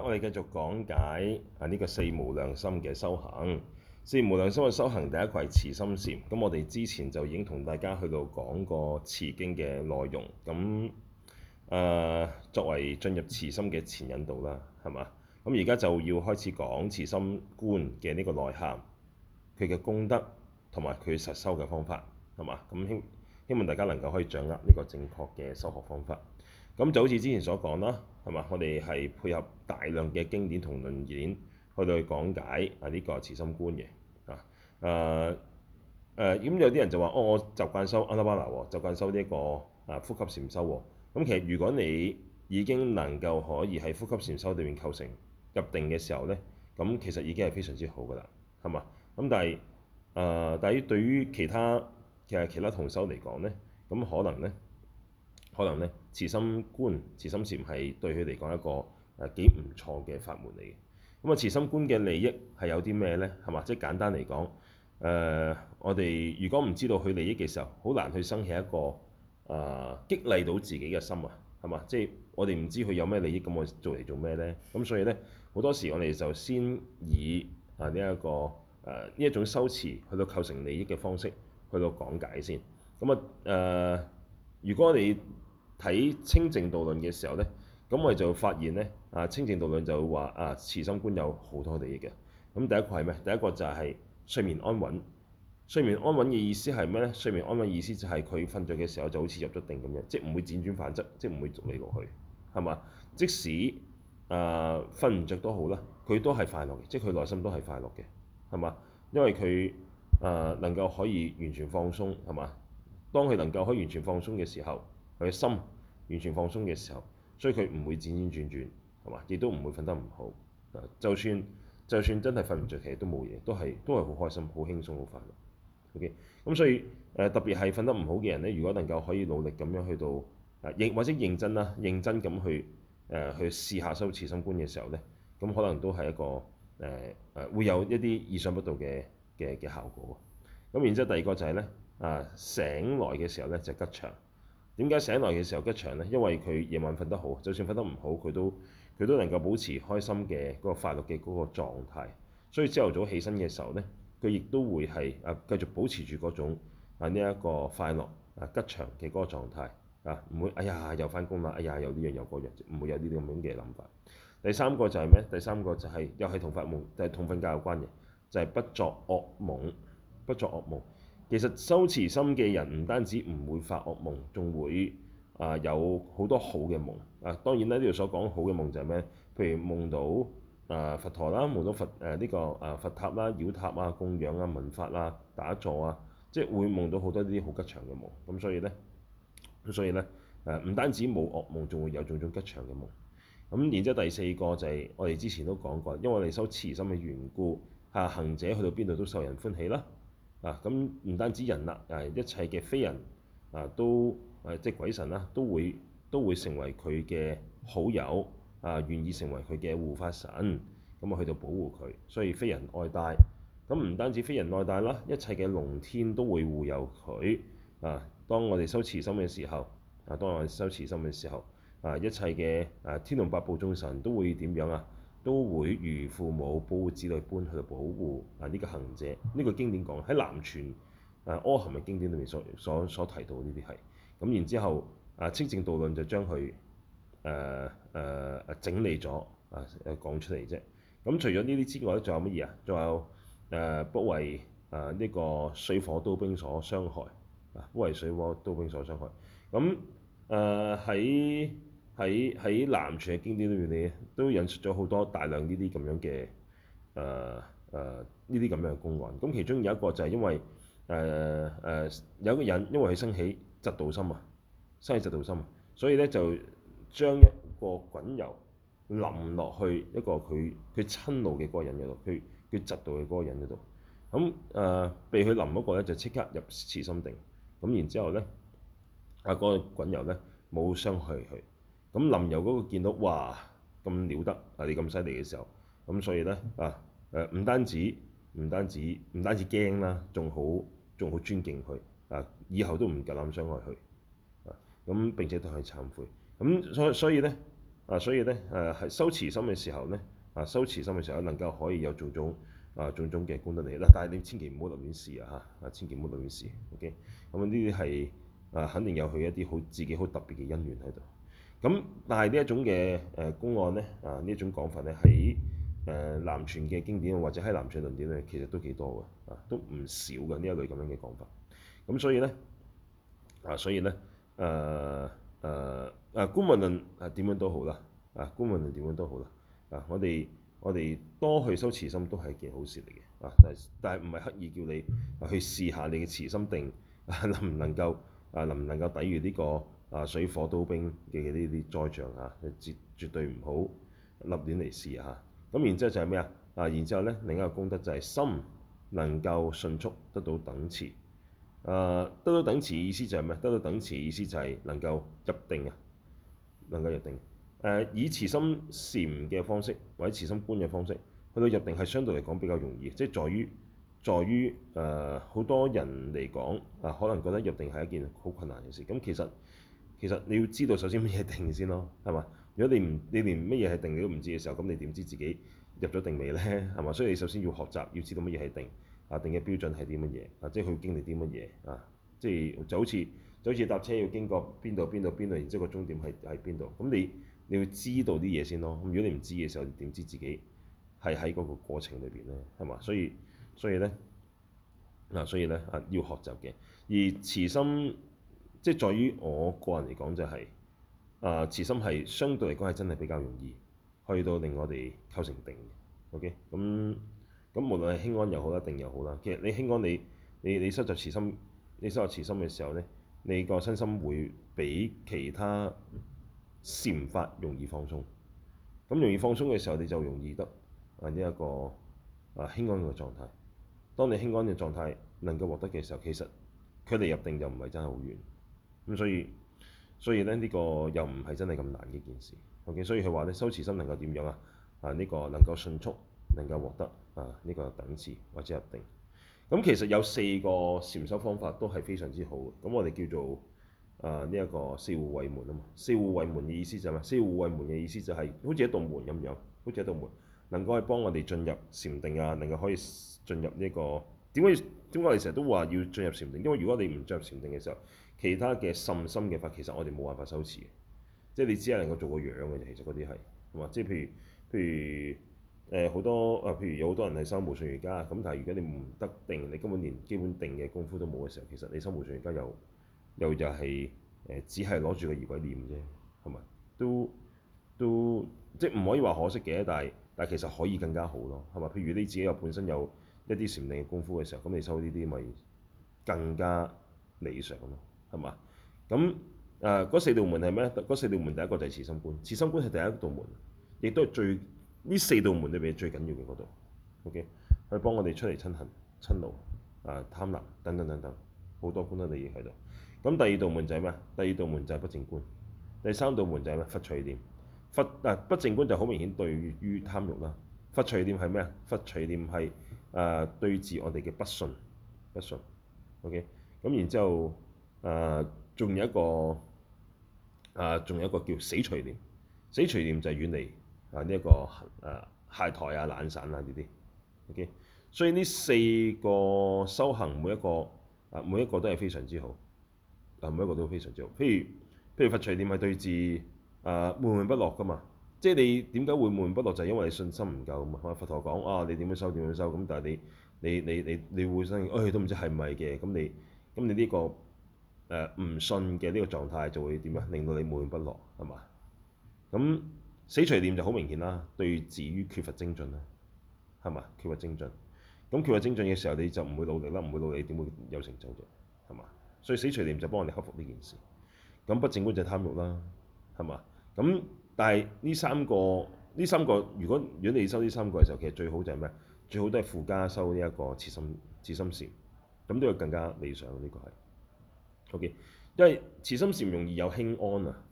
我哋繼續講解啊！呢個四無量心嘅修行，四無量心嘅修行第一個係慈心禪。咁我哋之前就已經同大家去到講過慈經嘅內容。咁誒，呃，作為進入慈心嘅前引導啦，係嘛？咁而家就要開始講慈心觀嘅呢個內涵，佢嘅功德同埋佢實修嘅方法，係嘛？咁希希望大家能夠可以掌握呢個正確嘅修學方法。咁就好似之前所講啦，係嘛？我哋係配合大量嘅經典同論典去到去講解啊呢、呢個慈心觀嘅啊誒誒，咁、啊、有啲人就話：哦，我習慣修阿拉巴拿喎，習慣修呢一個啊呼吸禪修喎。咁、啊、其實如果你已經能夠可以喺呼吸禪修裏面構成入定嘅時候咧，咁其實已經係非常之好噶啦，係嘛？咁但係誒，對、啊、於對於其他嘅其，其他同修嚟講咧，咁可能咧，可能咧。慈心觀、慈心禪係對佢嚟講一個誒幾唔錯嘅法門嚟嘅。咁啊，慈心觀嘅利益係有啲咩呢？係嘛，即係簡單嚟講，誒、呃，我哋如果唔知道佢利益嘅時候，好難去生起一個誒、呃、激勵到自己嘅心啊。係嘛，即係我哋唔知佢有咩利益，咁我做嚟做咩呢？咁所以呢，好多時我哋就先以啊呢一個誒呢一種修持去到構成利益嘅方式去到講解先。咁啊誒，如果你……喺清淨道論嘅時候呢，咁我哋就發現呢，啊清淨道論就會話啊慈心觀有好多利益嘅。咁第一個係咩？第一個就係睡眠安穩。睡眠安穩嘅意思係咩咧？睡眠安穩意思就係佢瞓着嘅時候就好似入咗定咁樣，即係唔會輾轉反側，即係唔會逐嚟落去，係嘛？即使啊瞓唔着都好啦，佢都係快樂嘅，即係佢內心都係快樂嘅，係嘛？因為佢啊、呃、能夠可以完全放鬆，係嘛？當佢能夠可以完全放鬆嘅時候。佢心完全放鬆嘅時候，所以佢唔會轉轉轉轉，係嘛？亦都唔會瞓得唔好、啊。就算就算真係瞓唔着，其實都冇嘢，都係都係好開心、好輕鬆、好快樂。OK，咁所以誒、呃、特別係瞓得唔好嘅人呢，如果能夠可以努力咁樣去到啊認或者認真啦、啊，認真咁去誒、啊、去試下修慈心觀嘅時候呢，咁可能都係一個誒誒、啊啊、會有一啲意想不到嘅嘅嘅效果。咁然之後第二個就係呢、啊，醒來嘅時候呢，就是、吉祥。點解醒來嘅時候吉祥呢？因為佢夜晚瞓得好，就算瞓得唔好，佢都佢都能夠保持開心嘅嗰個快樂嘅嗰個狀態。所以朝頭早起身嘅時候呢，佢亦都會係啊繼續保持住嗰種啊呢一個快樂啊吉祥嘅嗰個狀態啊，唔會哎呀又翻工啦，哎呀又呢樣又嗰樣，唔會有呢啲咁樣嘅諗法。第三個就係咩？第三個就係又係同發夢，就係同瞓覺有關嘅，就係不作惡夢，不作惡夢。其實修慈心嘅人唔單止唔會發惡夢，仲會啊有好多好嘅夢啊！當然咧呢度所講好嘅夢就係咩？譬如夢到啊佛陀啦，夢、啊、到佛誒呢個啊佛塔啦、繞塔啊、供養啊、聞法啊、打坐啊，即係會夢到好多呢啲好吉祥嘅夢。咁所以咧，咁所以咧誒唔單止冇惡夢，仲會有種種吉祥嘅夢。咁然之後第四個就係、是、我哋之前都講過，因為我哋修慈心嘅緣故，行者去到邊度都受人歡喜啦。啊，咁唔單止人啦，誒、啊、一切嘅非人啊，都誒、啊、即係鬼神啦、啊，都會都會成為佢嘅好友，啊願意成為佢嘅護法神，咁啊去到保護佢，所以非人愛戴。咁唔單止非人愛戴啦，一切嘅龍天都會護佑佢。啊，當我哋修慈心嘅時候，啊當我哋修慈心嘅時候，啊一切嘅誒、啊、天龍八部眾神都會點樣啊？都會如父母保護子女般去保護啊！呢、這個行者呢句、這個、經典講喺南傳啊《阿含》嘅經典裡面所所所，所提到呢啲係咁，然之後啊《清淨道論》就將佢誒誒整理咗啊誒講出嚟啫。咁除咗呢啲之外咧，仲有乜嘢啊？仲、啊、有誒、啊、不為誒呢、啊這個水火刀兵所傷害啊，不為水火刀兵所傷害。咁誒喺喺喺南傳嘅經典裏面咧，都引述咗好多大量呢啲咁樣嘅誒誒呢啲咁樣嘅公案。咁其中有一個就係因為誒誒、呃呃、有一個人，因為佢生起嫉妒心啊，生起嫉妒心，所以咧就將一個滾油淋落去一個佢佢親路嘅嗰個人嘅度，佢佢嫉妒嘅嗰個人嘅度。咁誒、呃、被佢淋嗰個咧就即刻入慈心定。咁然之後咧，啊嗰個滾油咧冇傷害佢。咁林遊嗰個見到哇咁了得啊！你咁犀利嘅時候，咁所以咧啊誒，唔單止唔單止唔單止驚啦，仲好仲好尊敬佢啊！以後都唔夠膽傷害佢啊！咁並且對佢懺悔咁，所所以咧啊，所以咧誒，係修慈心嘅時候咧啊，修慈心嘅時候能夠可以有種種啊種種嘅功德利益啦，但係你千祈唔好亂試啊嚇啊，千祈唔好亂試，OK？咁呢啲係啊，肯定有佢一啲好自己好特別嘅姻緣喺度。咁但係呢一種嘅誒公案咧，啊呢一種講法咧，喺誒南傳嘅經典或者喺南傳論典咧，其實都幾多嘅，啊都唔少嘅呢一類咁樣嘅講法。咁、啊、所以咧，啊所以咧，誒誒啊姑勿論啊點樣都好啦，啊姑勿論點樣都好啦，啊我哋我哋多去修慈心都係一件好事嚟嘅，啊但係但係唔係刻意叫你去試下你嘅慈心定能唔能夠啊能唔能夠、啊、能唔能夠抵禦呢個？啊，水火刀兵嘅呢啲災象嚇，你、啊、絕絕對唔好立亂嚟試嚇。咁然之後就係咩啊？啊，然之後咧、啊，另一個功德就係、是、心能夠迅速得到等持。啊，得到等持意思就係咩？得到等持意思就係能夠入定啊，能夠入定。誒、啊，以慈心禪嘅方式或者慈心觀嘅方式去到入定係相對嚟講比較容易，即、就、係、是、在於在於誒好多人嚟講啊，可能覺得入定係一件好困難嘅事。咁、啊、其實，其實你要知道首先乜嘢定先咯，係嘛？如果你唔你連乜嘢係定你都唔知嘅時候，咁你點知自己入咗定未呢？係嘛？所以你首先要學習，要知道乜嘢係定，定啊，定嘅標準係啲乜嘢啊？即係佢經歷啲乜嘢啊？即係就好似就好似搭車要經過邊度邊度邊度，然之後個終點係喺邊度？咁你你要知道啲嘢先咯。咁如果你唔知嘅時候，點知自己係喺嗰個過程裏邊呢？係嘛？所以所以呢，嗱、啊，所以呢，啊，要學習嘅。而慈心。即係在於我個人嚟講、就是，就係啊慈心係相對嚟講係真係比較容易去到令我哋構成定。OK，咁咁無論係輕安又好，一定又好啦。其實你輕安你你你，你收集慈心，你收集慈心嘅時候咧，你個身心會比其他善法容易放鬆。咁容易放鬆嘅時候，你就容易得啊一、這個啊、呃、輕安嘅狀態。當你輕安嘅狀態能夠獲得嘅時候，其實距離入定就唔係真係好遠。咁、嗯、所以，所以咧呢個又唔係真係咁難嘅一件事。OK，所以佢話咧，修持心能夠點樣啊？啊，呢、這個能夠迅速能夠獲得啊，呢、這個等次或者入定。咁、嗯、其實有四個禪修方法都係非常之好。咁我哋叫做啊呢一、這個四護衞門啊嘛。四護衞門嘅意思就係、是、咩？四護衞門嘅意思就係、是、好似一道門咁樣，好似一道門能夠幫我哋進入禪定啊，能夠可以進入呢、這個。點解，點解我哋成日都話要進入禪定？因為如果你唔進入禪定嘅時候，其他嘅信心嘅法其實我哋冇辦法修持嘅，即係你只係能夠做個樣嘅。其實嗰啲係係嘛？即係譬如譬如誒好、呃、多啊，譬如有好多人係修無上瑜伽，咁但係如果你唔得定，你根本連基本定嘅功夫都冇嘅時候，其實你修無上瑜伽又又就係、是、誒、呃、只係攞住個儀軌唸啫，係咪？都都即係唔可以話可惜嘅，但係但係其實可以更加好咯，係嘛？譬如你自己又本身有。一啲禪定嘅功夫嘅時候，咁你收呢啲咪更加理想咯，係嘛？咁誒嗰四道門係咩？嗰四道門第一個就係慈心觀，慈心觀係第一道門，亦都係最呢四道門裡邊最緊要嘅嗰度。OK，去幫我哋出嚟瞋恨、瞋怒啊、呃、貪婪等等等等好多觀得利益喺度。咁第二道門就係咩？第二道門就係不淨觀。第三道門就係咩？佛隨念佛啊、呃、不淨觀就好明顯對於貪欲啦。佛隨念係咩啊？佛隨念係。誒、呃、對治我哋嘅不順不順，OK，咁然之後誒仲、呃、有一個誒仲、呃、有一個叫死隨念，死隨念就係遠離啊呢一個誒懈怠啊、懶、這個啊啊、散啦呢啲，OK，所以呢四個修行每一個啊每一個都係非常之好，啊每一個都非常之好。譬如譬如佛隨念係對治誒、啊、悶悶不樂噶嘛。即係你點解會悶悶不樂？就係、是、因為信心唔夠嘛。佛陀講啊，你點樣修，點樣修。」咁，但係你你你你你會生，哎都唔知係唔係嘅。咁你咁你呢、這個誒唔、呃、信嘅呢個狀態就會點啊？令到你悶悶不樂係嘛？咁死隨念就好明顯啦，對治於，於缺乏精進啦，係嘛？缺乏精進，咁、嗯、缺乏精進嘅時候你就唔會努力啦，唔會努力點會有成就啫？係嘛？所以死隨念就幫我哋克服呢件事。咁不淨觀者就貪欲啦，係嘛？咁但係呢三個，呢三個如果如果你收呢三個嘅時候，其實最好就係咩？最好都係附加收呢一個慈心慈心禪，咁都要更加理想。呢、這個係，OK，因為慈心禪容易有輕安啊。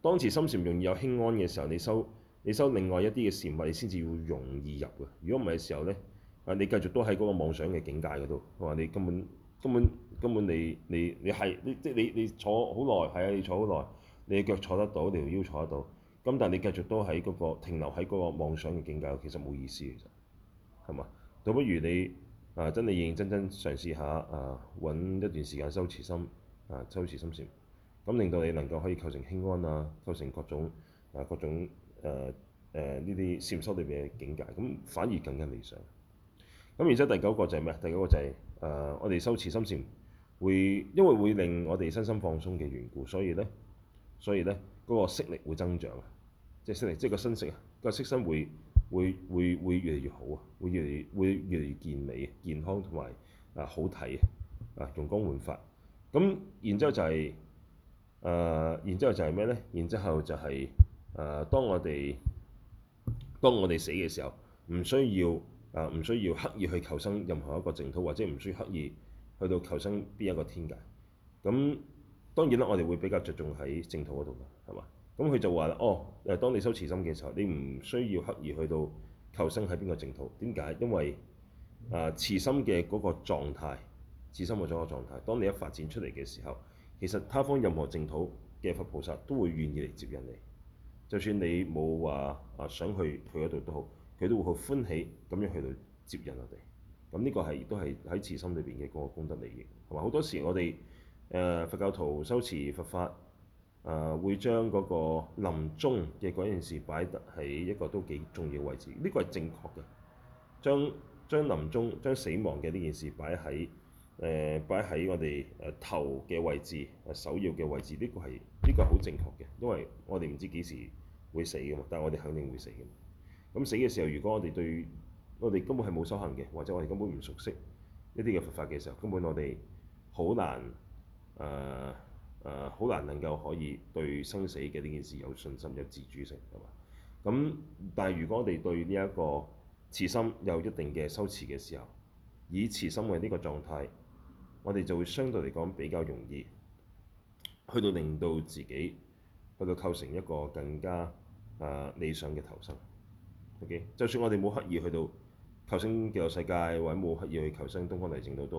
當慈心禪容易有輕安嘅時候，你收你收另外一啲嘅禪物，你先至會容易入嘅。如果唔係嘅時候咧，啊你繼續都喺嗰個妄想嘅境界嗰度，我話你根本根本根本你你你係，即係你你，你，你坐好耐，係啊你坐好耐，你腳坐得到，條腰坐得到。咁但係你繼續都喺嗰個停留喺嗰個妄想嘅境界，其實冇意思嘅，係嘛？倒不如你啊，真係認認真真嘗試下啊，揾一段時間修慈心啊，修慈心禪，咁令到你能夠可以構成輕安啊，構成各種啊各種誒誒呢啲禪修裏邊嘅境界，咁反而更加理想。咁然後第九個就係咩？第九個就係、是、誒、啊，我哋修慈心禪會，因為會令我哋身心放鬆嘅緣故，所以咧，所以咧嗰、那個識力會增長啊。即係新，即係個身色啊！個色身會會會會越嚟越好啊，會越嚟會越嚟越健美、健康同埋啊好睇啊！容光煥發，咁然之後就係、是、誒、呃，然之後就係咩咧？然之後就係、是、誒、呃，當我哋當我哋死嘅時候，唔需要啊，唔、呃、需要刻意去求生任何一個淨土，或者唔需要刻意去到求生邊一個天界。咁當然啦，我哋會比較着重喺淨土嗰度嘅，係嘛？咁佢就話啦：哦，誒，當你修慈心嘅時候，你唔需要刻意去到求生喺邊個淨土。點解？因為啊、呃，慈心嘅嗰個狀態，慈心嘅嗰個狀態，當你一發展出嚟嘅時候，其實他方任何淨土嘅佛菩薩都會願意嚟接引你。就算你冇話啊想去佢嗰度都好，佢都會好歡喜咁樣去到接引我哋。咁呢個係都係喺慈心裏邊嘅嗰個功德利益，係嘛？好多時我哋誒、呃、佛教徒修持佛法。誒、啊、會將嗰個臨終嘅嗰件事擺喺一個都幾重要位置，呢個係正確嘅。將將臨終、將死亡嘅呢件事擺喺誒擺喺我哋誒頭嘅位置，首要嘅位置，呢個係呢個係好正確嘅，因為我哋唔知幾時會死㗎嘛。但係我哋肯定會死嘅。咁死嘅時候，如果我哋對我哋根本係冇修行嘅，或者我哋根本唔熟悉一啲嘅佛法嘅時候，根本我哋好難誒。呃誒好、呃、難能夠可以對生死嘅呢件事有信心、有自主性，係嘛？咁但係如果我哋對呢一個慈心有一定嘅修持嘅時候，以慈心為呢個狀態，我哋就會相對嚟講比較容易去到令到自己去到構成一個更加誒、呃、理想嘅投生。O.K. 就算我哋冇刻意去到求生極樂世界，或者冇刻意去求生東方嚟淨道都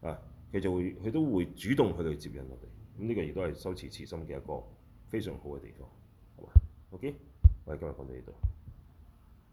好啊，佢就會佢都會主動去到接引我哋。呢個亦都係修持慈心嘅一個非常好嘅地方，好嗎？OK，我哋今日講到呢度。